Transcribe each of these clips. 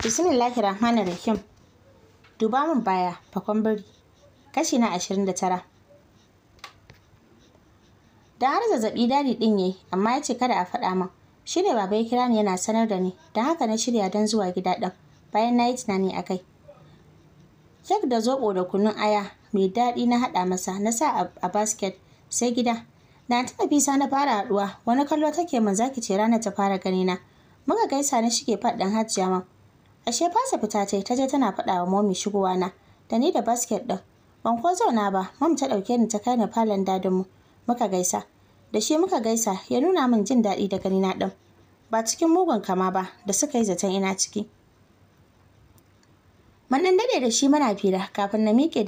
Bismillahir Rahmanir Rahim. Duba min baya, fakon bari, Kashi na ashirin Da tara. Da har zazzabi dadi din yayi, amma ya ce kada a faɗa min. Shi ne baba ya kira ni yana sanar da ni, don haka na shirya don zuwa gida ɗin, bayan na yi tunani a kai. Kek da zoɓo da kunun aya mai daɗi na haɗa masa, na sa a basket, sai gida. Na tuna bisa na fara haɗuwa, wani kallo take min zaki ce rana ta fara ganina. Muka gaisa na shige faɗin hajjiya ma. ashe fasa fita ta ta je tana faɗa wa momi shigowa na da ni da basket ɗin ban ko zauna ba mom ta ɗauke ni ta kai ni falon mu muka gaisa da shi muka gaisa ya nuna min jin daɗi da gani na ɗin ba cikin mugun kama ba da suka yi zaton ina ciki mun ɗan daɗe da shi muna fira kafin na miƙe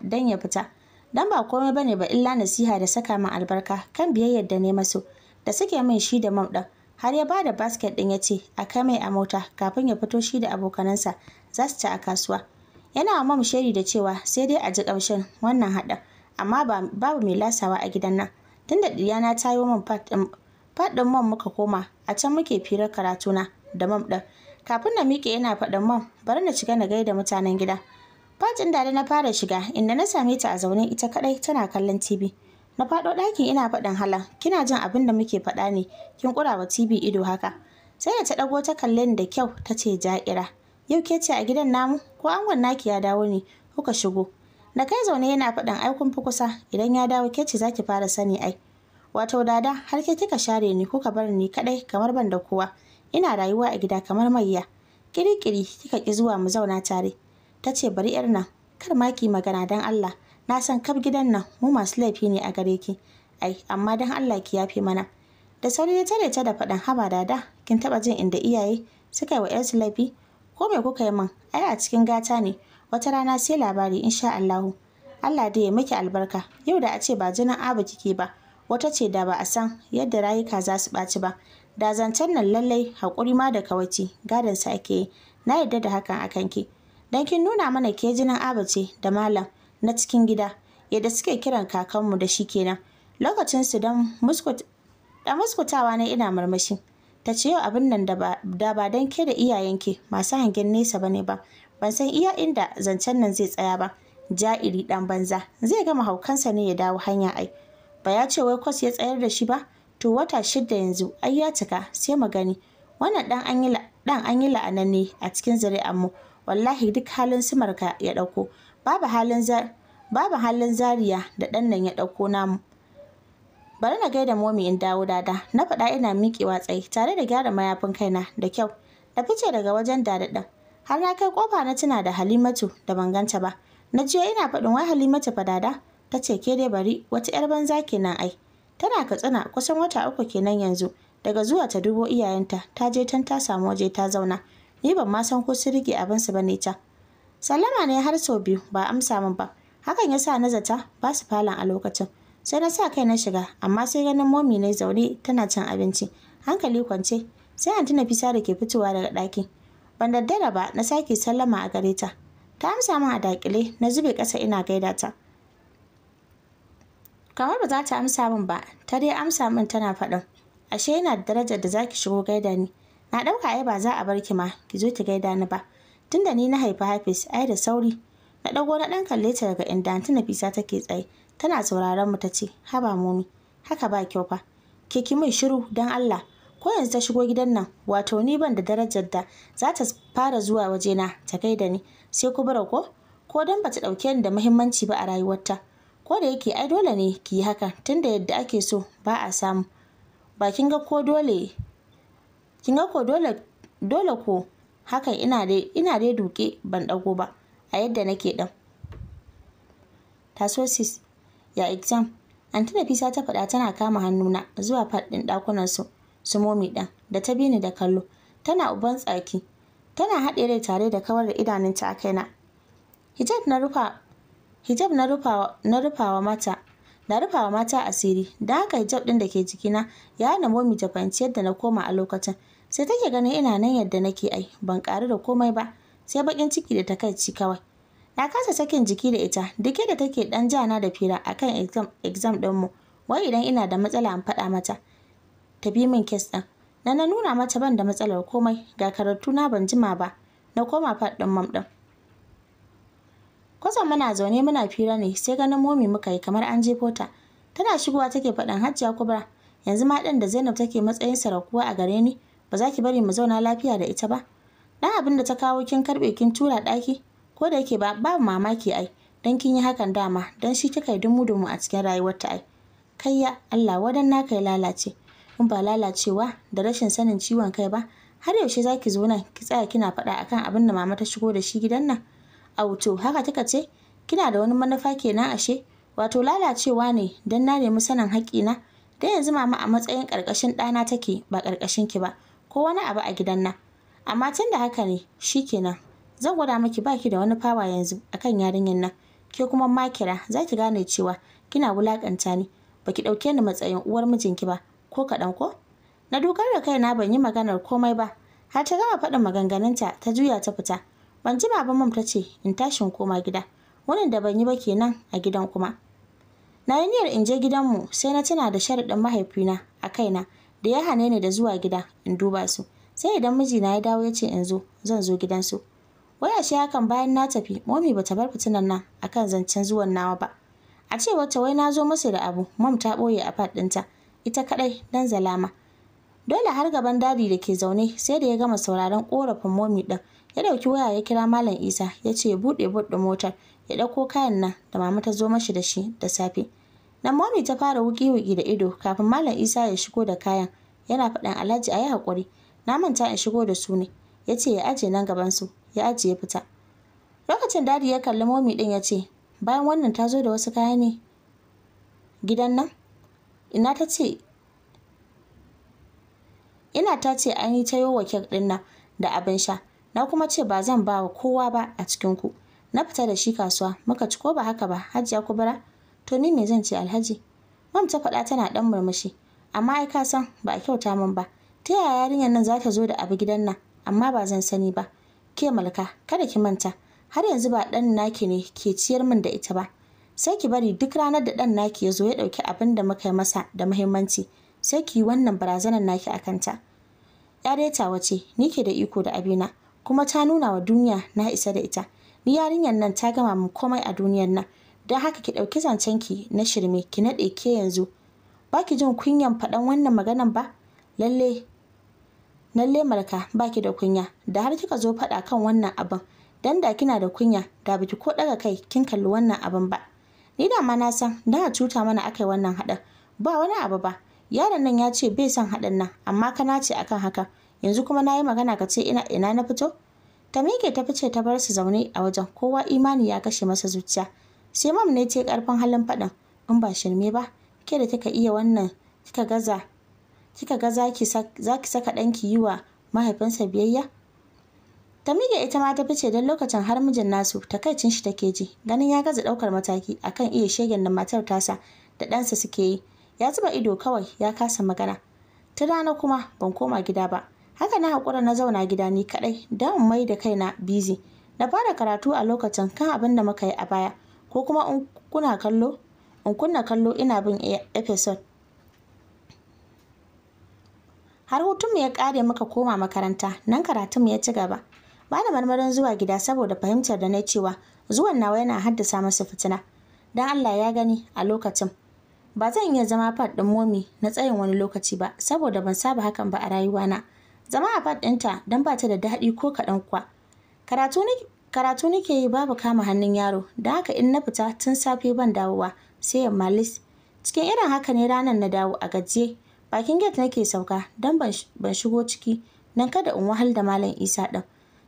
dan ya fita dan ba komai bane ba illa nasiha da saka min albarka kan biyayyar da ne masu da suke min shi da mam ɗin har ya bada basket ɗin ya ce a kai mai a mota kafin ya fito shi da abokanansa za su ci a kasuwa yana wa mam sheri da cewa sai dai a ji ƙarshen wannan haɗa amma babu mai lasawa a gidan nan tunda ɗiyana ta yi min fat ɗin mam muka koma a can muke firar karatuna da mam ɗin kafin na miƙe yana faɗin mam bari na shiga na gaida mutanen gida fatin da na fara shiga inda na same ta a zaune ita kaɗai tana kallon tv na faɗo ɗakin ina faɗin hala kina jin abin da muke faɗa ne kin ƙura wa tv ido haka sai da ta ɗago ta kalle ni da kyau ta ce ja'ira yau ke ce a gidan namu ko angon naki ya dawo ne kuka shigo na kai zaune yana faɗin ai kun fi kusa idan ya dawo ke ce zaki fara sani ai wato dada har ke kika share ni kuka bar ni kaɗai kamar ban da kowa ina rayuwa a gida kamar mayya kirikiri kika ki zuwa mu zauna tare ta ce bari yar nan kar ma ki magana don allah na san kaf gidan nan mu masu laifi ne a gare ki ai amma don allah ki yafe mana da sauri ya tare ta da faɗin haba da da? kin taɓa jin inda iyaye suka yi wa yarsu laifi ko me kuka yi min ai a cikin gata ne wata rana sai labari insha allahu allah da ya miki albarka yau da a ce ba jinin abu kike ba wata ce da ba a san yadda rayuka za su ɓaci ba da zancen nan lallai haƙuri ma da kawaici gadon sa ake yi na yarda da hakan akan ki dan kin nuna mana ke jinin ce, da malam na cikin gida yadda suke kiran kakanmu da shi kenan lokacin su dan muskutawa na ina marmashi ta ce yau abin nan da ba don ke da iyayenki masu hangen nesa ba ne ba ban san iya inda zancen nan zai tsaya ba ja'iri dan banza zai gama haukansa ne ya dawo hanya ai ba ya ce wai kwas ya tsayar da shi ba to wata shidda yanzu ai ya cika sai mu gani wannan dan an yi la'anan ne a cikin zuri'ar mu wallahi duk halin sumarka ya dauko babu halin zar zariya da ɗan nan ya ɗauko namu bari na gaida momi in dawo dada na faɗa ina miƙewa tsaye tare da gyara mayafin kaina da kyau Da fice daga wajen dadaɗin har na kai kofa na tuna da halimatu da ban ba na jiyo ina faɗin wai halimatu fa dada ta ce ke dai bari wata 'yar banza kenan ai tana katsina kusan wata uku kenan yanzu daga zuwa ta dubo iyayenta ta je tan ta samu waje ta zauna ni ban ma san ko su rike abinsu ba ne ta sallama ne har sau biyu ba amsa min ba hakan ya sa na zata ba su falon a lokacin sai na sa kai na shiga amma sai ganin momi na zaune tana cin abinci hankali kwance sai anti nafisa da ke fitowa daga ɗaki ban daddara ba na sake sallama a gare ta ta amsa min a dakile na zube ƙasa ina gaida ta kamar ba za ta amsa min ba ta dai amsa min tana faɗin ashe yana da darajar da zaki shigo gaida ni na ɗauka ai ba za a bar ki ma ki zo ki gaida ni ba tunda ni na haifi hafiz ai da sauri na ɗago na ɗan kalle ta daga inda anti nafisa take tsaye tana sauraron mu ta ce haba momi haka ba kyau fa ke ki min shiru don allah ko yanzu ta shigo gidan nan wato ni ban da darajar da za ta fara zuwa wajena ta kai da ni sai ku bara ko ko don bata ɗauke ni da muhimmanci ba a rayuwarta ko da yake ai dole ne ki yi haka tunda yadda ake so ba a samu ba kin ga ko dole ko dole ko hakan ina dai ina dai duke ban ɗago ba a yadda nake ɗan tasosis ya exam anti fisa ta faɗa tana kama hannuna zuwa faɗin ɗakunan su su momi ɗan da ta bi ni da kallo tana uban tsaki tana haɗe rai tare da kawar da ta a kaina hijab na rufa hijab na rufawa na rufawa mata na rufawa mata asiri da haka hijab ɗin da ke jikina ya hana momi ta fahimci yadda na koma a lokacin sai take ganin ina nan yadda nake ai ban ƙaru da komai ba sai bakin ciki da takaici kawai na kasa sakin jiki da ita duk da take ɗan jana da fira akan exam exam mu wai idan ina da matsala an faɗa mata ta bi min kes din na na nuna mata ban da matsalar komai ga karatu na ban jima ba na koma fat din mam ɗin kwatsam muna zaune muna fira ne sai ganin momi muka yi kamar an jefo ta tana shigowa take faɗin hajjia kubra yanzu ma ɗin da zainab take matsayin sarakuwa a gare ni ba za ki bari mu zauna lafiya da ita ba dan abin da ta kawo kin karbe kin tura ɗaki ko da yake ba babu mamaki ai dan kin yi hakan dama dan shi kika yi dumu dumu a cikin rayuwar ta ai kayya Allah wadan na kai lalace in ba lalacewa da rashin sanin ciwon kai ba har yaushe za ki zo nan ki tsaya kina faɗa akan abin da mama ta shigo da shi gidan nan a wuto haka kika ce kina da wani manufa kenan ashe wato lalacewa ne dan na nemi sanin haƙƙina dan yanzu mama a matsayin ƙarƙashin ɗana take ba ƙarƙashin ki ba ko wani abu a gidan nan amma tun da haka ne shi kenan zan gwada miki baki da wani fawa yanzu akan yarinyar nan ke kuma makira za ki gane cewa kina wulakanta ni baki ɗauke ni matsayin uwar mijinki ba ko kaɗan ko na dukar da kaina ban yi maganar komai ba har ta gama faɗin maganganunta ta juya ta fita ban ji baban mam ta ce in tashin koma gida wannan da ban yi ba kenan a gidan kuma na yi niyyar in je gidanmu sai na tuna da sharaɗin mahaifina a kaina da ya hane ni da zuwa gida in duba su sai idan mijina ya dawo ya ce in zo zan zo gidansu Waya shi hakan bayan na tafi momi bata bar fitinan nan akan zancen zuwan nawa ba a ce wata wai na zo masa da abu mom ta ɓoye a fat ɗinta ita kadai dan zalama dole har gaban dadi da ke zaune sai da ya gama sauraron korafin momi ɗin ya ɗauki waya ya kira malam isa ya ce ya buɗe buɗe motar ya ɗauko kayan nan da mama ta zo mashi da shi da safe nan momi ta fara wuki-wuki da ido kafin malam isa ya shigo da kayan yana faɗin alhaji a yi haƙuri na manta in shigo da su ne ya ce ya ajiye nan gaban su ya ajiye fita lokacin dadi ya kalli momi ɗin ya ce bayan wannan ta zo da wasu kayan ne gidan nan ina ta ce ina ta ce an yi ta yowa kek ɗin nan da abin sha na kuma ce ba zan ba wa kowa ba a cikin ku na fita da shi kasuwa muka ci ko ba haka ba hajiya kubura to ni me zan ce alhaji mam ta faɗa tana ɗan murmushi amma ai ka san ba a kyauta min ba ta yaya yarinyar nan za ta zo da abu gidan nan amma ba zan sani ba ke malka kada ki manta har yanzu ba ɗan naki ne ke ciyar min da ita ba sai ki bari duk ranar da ɗan naki ya zo ya ɗauki abin da muka yi masa da muhimmanci sai ki yi wannan barazanar naki a kanta ya dai wace ni ke da iko da abina kuma ta nuna wa duniya na isa da ita ni yarinyar nan ta gama min komai a duniyar nan don haka ki ɗauki zancen ki na shirme ki naɗe ke yanzu ba ki jin kunyan faɗan wannan maganan ba lalle lalle marka ba ki da kunya da har kika zo faɗa kan wannan abin dan da kina da kunya da biki ko ɗaga kai kin kalli wannan abin ba ni da ma na san da a cuta mana akai wannan haɗin ba wani abu ba yaron nan ya ce bai son haɗin nan amma ka nace akan haka yanzu kuma na yi magana ka ce ina ina na fito ta miƙe ta fice ta bar su zaune a wajen kowa imani ya kashe masa zuciya sai mam ne ce karfin halin faɗin in ba shirme ba ke da kika iya wannan kika gaza kika ga zaki saka ɗanki yi wa mahaifinsa biyayya ta miƙe ita ma ta fice don lokacin har mijin nasu takaicin shi take ji ganin ya gaza ɗaukar mataki akan iya shegen da matar tasa da ɗansa suke yi ya zuba ido kawai ya kasa magana ta rana kuma ban koma gida ba haka na haƙura na zauna gida ni kaɗai don in mai da kaina bizi na fara karatu a lokacin kan abin da muka yi a baya ko kuma in kuna kallo in kunna kallo ina bin episode har hutunmu ya kare maka koma makaranta nan karatunmu ya ci gaba ba da marmarin zuwa gida saboda fahimtar da na cewa zuwan nawa yana haddasa masa fitina don allah ya gani a lokacin ba zan iya zama fat ɗin momi na tsayin wani lokaci ba saboda ban saba hakan ba a rayuwana zama a fat ɗinta don ba ta da daɗi ko kaɗan kuwa karatu karatu nake yi babu kama hannun yaro da haka in na fita tun safe ban dawowa sai yamma lis cikin irin haka ne ranar na dawo a gajiye bakin gate nake sauka don ban shigo ciki nan kada in wahal da malam isa ɗan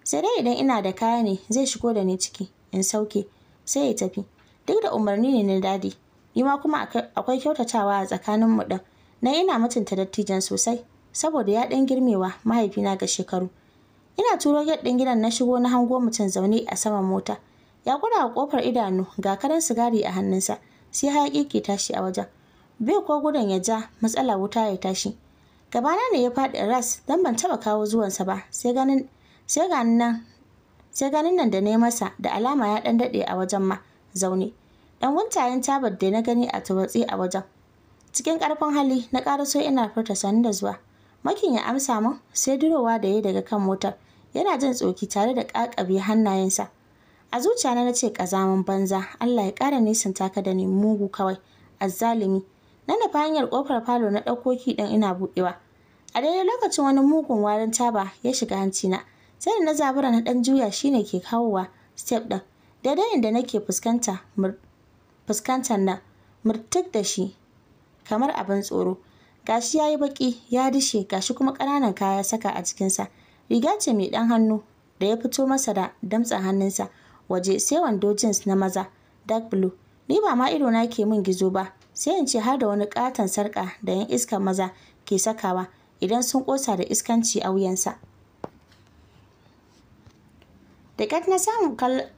sai dai idan ina da kaya ne zai shigo da ni ciki in sauke sai ya tafi duk da umarni ne na dadi ni ma kuma akwai kyautatawa a tsakanin mu ɗin na ina mutunta dattijan sosai saboda ya ɗan girmewa mahaifina ga shekaru ina turo gate ɗin gidan na shigo na hango mutum zaune a saman mota ya kura a kofar idanu ga karan sigari a hannunsa sai hayaƙi ke tashi a wajen bai ko gudun ya ja matsala wuta ya tashi gabana ne ya faɗi ras don ban taɓa kawo zuwansa ba sai ganin nan sai da na yi masa da alama ya ɗan daɗe a wajen ma zaune ɗan wuntayen tabar da na gani a tawatsi a wajen cikin ƙarfin hali na ƙaraso ina furta sanin da zuwa makin ya amsa min sai durowa da ya daga kan motar yana jin tsoki tare da ƙaƙabe hannayensa a zuciya na ce kazaman banza Allah ya ƙara nisan taka da ni mugu kawai azzalimi na nufa hanyar kofar falo na ɗaukoki ɗin ina buɗewa a daidai lokacin wani mugun warin taba ya shiga hancina sai da na zabura na ɗan juya shine ke kawowa step ɗin daidai inda nake fuskanta fuskantar na murtuk da shi kamar abin tsoro gashi yayi yi baƙi ya dishe gashi kuma ƙananan kaya saka a jikinsa riga ce mai ɗan hannu da ya fito masa da damtsa hannunsa waje sai wando jeans na maza dark blue ni ba ma ido na ke min gizo ba sai in ce har da wani katon sarka da yan iskar maza ke sakawa idan sun kosa da iskanci a wuyansa da kat na samu kal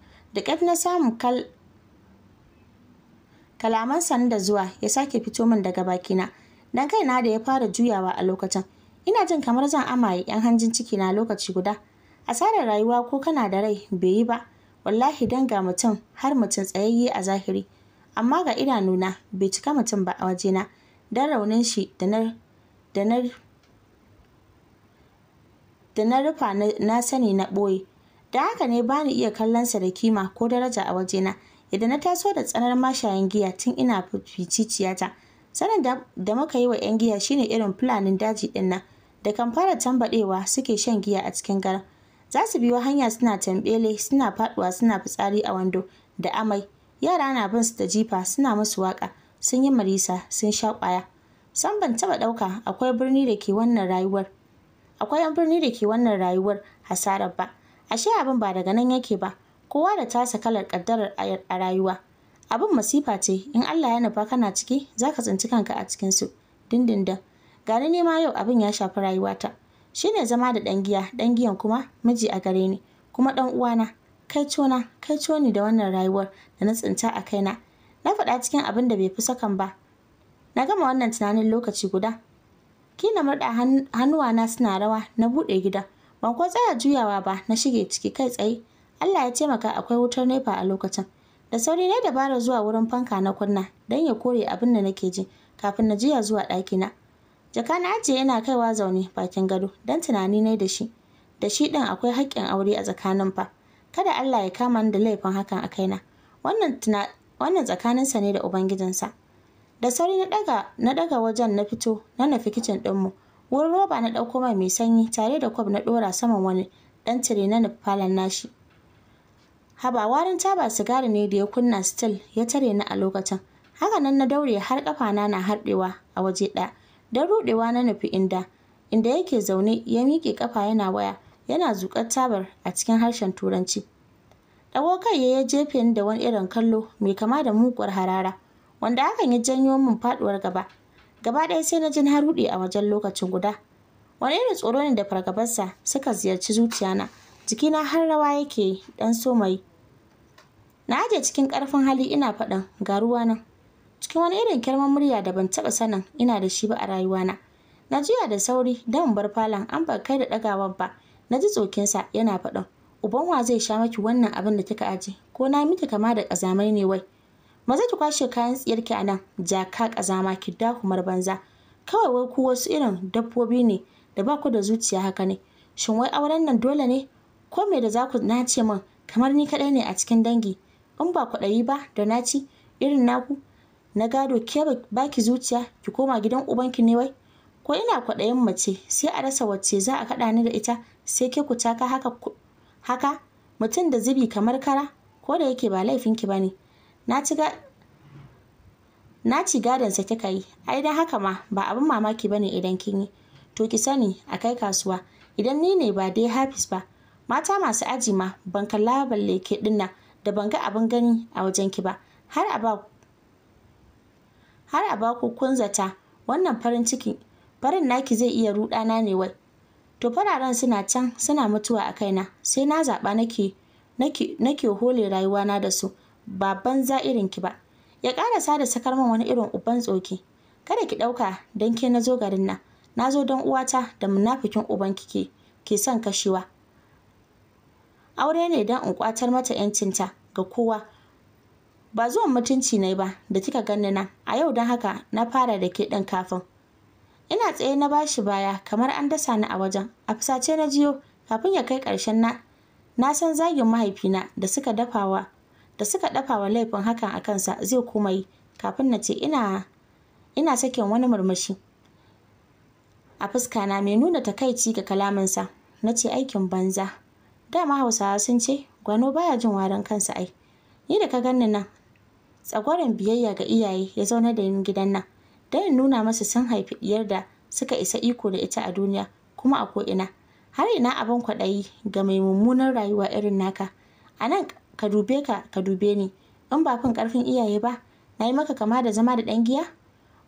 da da zuwa ya sake fito min daga bakina dan kaina da ya fara juyawa a lokacin ina jin kamar zan amaye yan hanjin ciki na lokaci guda asarar rayuwa ko kana da rai bai yi ba wallahi dan ga mutum har mutum tsayayye a zahiri amma ga idanuna bai cika mutum ba a wajena dan raunin shi da na rufa na sani na ɓoye da haka ne ba ni iya kallon sa da kima ko daraja a wajena idan na taso da tsanar mashayan giya tun ina ficiciyata sanin da muka yi wa 'yan giya shine irin fulanin daji ɗinnan. da kan fara tambaɗewa suke shan giya a cikin gara za su biyo hanya suna tambele suna faɗuwa suna fitsari a wando da amai yara na bin su da jifa suna musu waka, sun yi marisa sun sha ƙwaya san ban taba ɗauka akwai birni da ke wannan rayuwar akwai yan birni da ke wannan rayuwar hasarar ba ashe abin ba daga nan yake ba kowa da tasa kalar ƙaddarar a rayuwa abin masifa ce in Allah ya nufa kana ciki zaka tsinci kanka a cikin su dindindin gani ne ma yau abin ya shafi rayuwata shine zama da ɗan giya ɗan giyan kuma miji a gare ni kuma ɗan uwana kai cona kai coni da wannan rayuwar da na tsinta a kaina na faɗa cikin abin da bai fi sakan ba na gama wannan tunanin lokaci guda kina murɗa hannuwana suna rawa na buɗe gida ban ko tsaya juyawa ba na shige ciki kai tsaye Allah ya taimaka akwai wutar nepa a lokacin da sauri na dabara zuwa wurin fanka na kunna don ya kore abin da nake ji kafin na jiya zuwa ɗakina jaka na ajiye yana kaiwa zaune bakin gado don tunani ne da shi da shi ɗin akwai haƙƙin aure a tsakanin fa kada Allah ya kama ni da laifin hakan a kaina wannan tsakanin tsakaninsa ne da ubangijinsa da sauri na daga wajen na fito na nufi kicin ɗinmu wurin roba na ɗauko mai mai sanyi tare da kwab na ɗora saman wani ɗan tire na nufi falon nashi haba warin taba sigari ne da ya kunna still ya tare ni a lokacin haka nan na daure har ƙafana na harɗewa a waje ɗaya don ruɗewa na nufi inda inda yake zaune ya miƙe ƙafa yana waya yana zuƙar tabar a cikin harshen turanci ɗago kai ya jefe ni da wani irin kallo mai kama da muguwar harara wanda hakan ya janyo min faɗuwar gaba gaba ɗaya sai na ji na ruɗe a wajen lokacin guda wani irin tsoro ne da fargabarsa suka ziyarci zuciyana jikina har rawa yake ɗan somai na aje cikin ƙarfin hali ina faɗin ga ruwa nan cikin wani irin kirman murya da ban taɓa sanin ina da shi ba a rayuwana. Na juya da sauri don in bar falon an ba kai da ɗagawa ba. Na ji tsokinsa yana faɗin. Uban wa zai sha maki wannan abin da kika aje ko na miki kama da ƙazamai ne wai. Maza ki kwashe kayan tsiyarki a nan jaka ƙazama ki kumar banza. Kawai wai ku wasu irin dabbobi ne da ba ku da zuciya haka ne. Shin wai auren nan dole ne? Ko me da za ku nace min kamar ni kaɗai ne a cikin dangi? In ba ku ɗayi ba da naci irin naku na gado ke ba ki zuciya ki koma gidan ubanki ne wai ko ina kwaɗayin mace sai a rasa wacce za a kaɗa ni da ita sai ke ku taka haka haka mutum da zubi kamar kara ko da yake ba laifin ki ne na ci ga na ci gadonsa kika yi ai dan haka ma ba abin mamaki ba ne idan kin yi to ki sani a kai kasuwa idan ni ne ba dai hafis ba mata masu aji ma ban kalla balle ke dinna da ban ga abin gani a wajen ki ba har a ba har a baku kun zata wannan farin ciki farin naki zai iya ruɗana ne wai to fararen suna can suna mutuwa a kaina sai na zaba nake nake nake hole rayuwana da su ba banza irin ki ba ya karasa da sakar min wani irin uban tsoki kada ki ɗauka don ke na zo garin nan na zo dan uwata da munafikin uban kike ke son kashewa aure ne dan in kwatar mata 'yancinta ga kowa ba zuwan mutunci ne ba da kika ganni na. a yau don haka na fara da ke ɗin kafin ina tsaye na bashi baya kamar an dasa ni a wajen a fusace na jiyo kafin ya kai ƙarshen na na san zagin mahaifina da suka dafawa da suka dafawa laifin hakan a kansa zai kuma yi kafin na ce ina ina sakin wani murmushi a fuska na mai nuna takaici ga kalaminsa na ce aikin banza dama hausawa sun ce gwano baya jin warin kansa ai ni da ka ganni nan tsagwaron biyayya ga iyaye ya zauna da yin gidan nan don in nuna masa sun haifi diyar da suka isa iko da ita a duniya kuma a ko'ina har ina abin kwaɗayi ga mai mummunan rayuwa irin naka a nan ka dube ka ka dube ni in ba fin ƙarfin iyaye ba na yi maka kama da zama da ɗan giya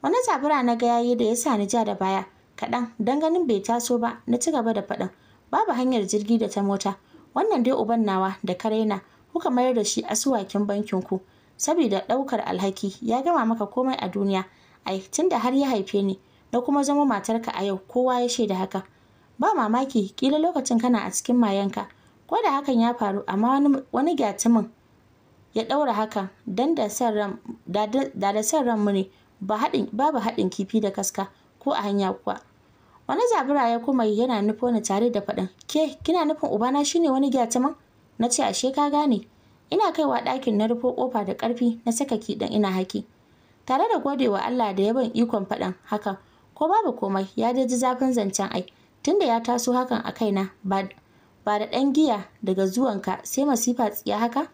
wani zabura na ga yayi da ya sa ni ja da baya kaɗan don ganin bai taso ba na ci gaba da faɗin babu hanyar jirgi da ta mota wannan dai uban nawa da karena kuka mayar da shi asuwakin bankin ku saboda ɗaukar alhaki ya gama maka komai a duniya ai tunda har ya haife ni na kuma zama matarka a yau kowa ya shaida haka ba mamaki kila lokacin kana a cikin mayanka ko da hakan ya faru amma wani gyatumin ya ɗaura hakan dan da da san mu ne babu haɗin kifi da kaska ko a hanya kuwa wani zabura ya kuma yana nufo ni tare da faɗin ke kina nufin ubana shine wani gyatumin na ce ashe ka gane ina kaiwa ɗakin na rufo ƙofa da ƙarfi na saka ki dan ina haki tare da godewa Allah da yaban ikon faɗan hakan ko babu komai ya daji zafin zancen ai tunda ya taso hakan a kaina ba ba da ɗan giya daga zuwanka sai masifa tsiya haka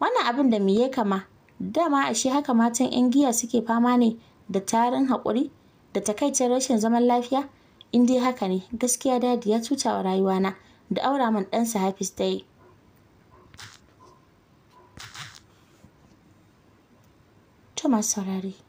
wannan abin da miye kama dama ashe haka matan 'yan giya suke fama ne da tarin haƙuri da takaicin rashin zaman lafiya in dai haka ne gaskiya dadi ya cuta wa rayuwana da aura man ɗansa hafiz ta yi masu saurare.